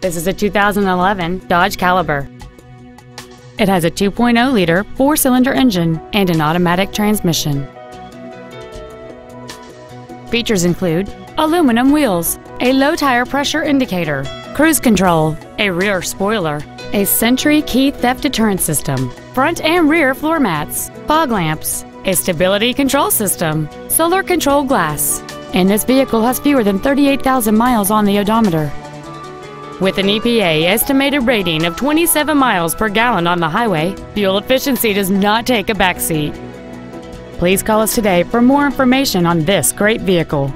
This is a 2011 Dodge Caliber. It has a 2.0-liter four-cylinder engine and an automatic transmission. Features include aluminum wheels, a low tire pressure indicator, cruise control, a rear spoiler, a Sentry key theft deterrent system, front and rear floor mats, fog lamps, a stability control system, solar control glass, and this vehicle has fewer than 38,000 miles on the odometer. With an EPA estimated rating of 27 miles per gallon on the highway, fuel efficiency does not take a backseat. Please call us today for more information on this great vehicle.